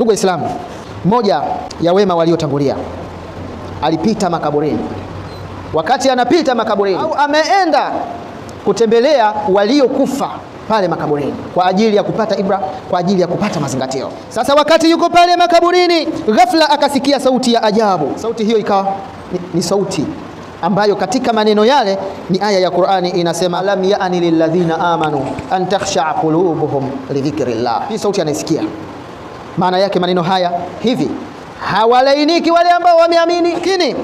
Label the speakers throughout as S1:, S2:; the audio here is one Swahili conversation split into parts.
S1: Ndugu Waislamu, mmoja ya wema waliotangulia alipita makaburini. Wakati anapita makaburini au ameenda kutembelea waliokufa pale makaburini kwa ajili ya kupata ibra, kwa ajili ya kupata mazingatio. Sasa wakati yuko pale makaburini, ghafla akasikia sauti ya ajabu. Sauti hiyo ikawa ni, ni sauti ambayo katika maneno yale ni aya ya Qur'ani inasema, lam yaani lilladhina amanu an takhsha qulubuhum lidhikrillah. Hii sauti anaisikia maana yake maneno haya hivi, hawalainiki wale ambao wameamini, lakini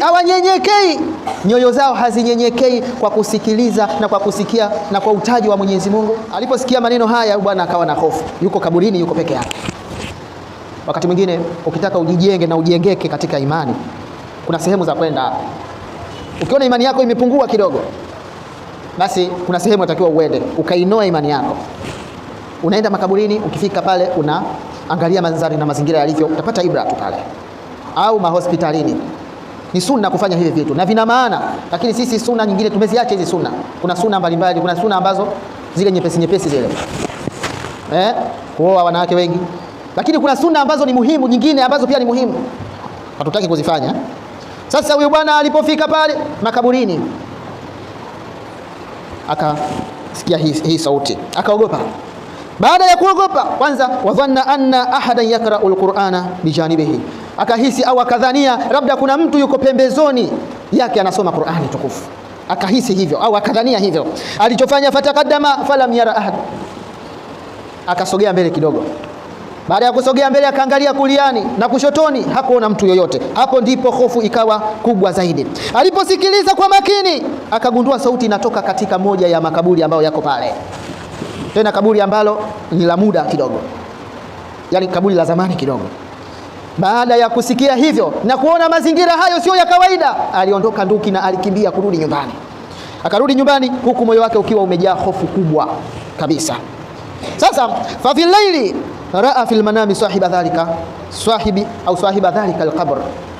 S1: hawanyenyekei, nyoyo zao hazinyenyekei kwa kusikiliza na kwa kusikia na kwa utaji wa Mwenyezi Mungu. Aliposikia maneno haya, bwana akawa na hofu, yuko kaburini, yuko peke yake. Wakati mwingine ukitaka ujijenge na ujengeke katika imani, kuna sehemu za kwenda. Ukiona imani yako imepungua kidogo, basi kuna sehemu unatakiwa uende ukainoa imani yako. Unaenda makaburini, ukifika pale unaangalia mandhari na mazingira yalivyo, utapata ibra tu pale, au mahospitalini. Ni sunna kufanya hivi vitu na vina maana, lakini sisi sunna nyingine tumeziacha hizi sunna. Kuna sunna mbalimbali, kuna sunna ambazo zile nyepesi nyepesi zile, eh, kuoa wanawake wengi, lakini kuna sunna ambazo ni muhimu, nyingine ambazo pia ni muhimu, hatutaki kuzifanya. Sasa huyu bwana alipofika pale makaburini akasikia hii, hii sauti akaogopa baada ya kuogopa kwanza, wadhanna anna ahadan yakrau alqur'ana bijanibihi, akahisi au akadhania labda kuna mtu yuko pembezoni yake anasoma Qur'ani tukufu, akahisi hivyo au akadhania hivyo. Alichofanya fataqaddama falam yara ahad, akasogea mbele kidogo. Baada ya kusogea mbele, akaangalia kuliani na kushotoni, hakuona mtu yoyote. Hapo ndipo hofu ikawa kubwa zaidi. Aliposikiliza kwa makini, akagundua sauti inatoka katika moja ya makaburi ambayo yako pale tena kaburi ambalo ni la muda kidogo, yani kaburi la zamani kidogo. Baada ya kusikia hivyo na kuona mazingira hayo sio ya kawaida, aliondoka Nduki na alikimbia kurudi nyumbani. Akarudi nyumbani huku moyo wake ukiwa umejaa hofu kubwa kabisa. Sasa fa fil laili raa fil manami sahiba dhalika sahibi au sahiba dhalika alqabr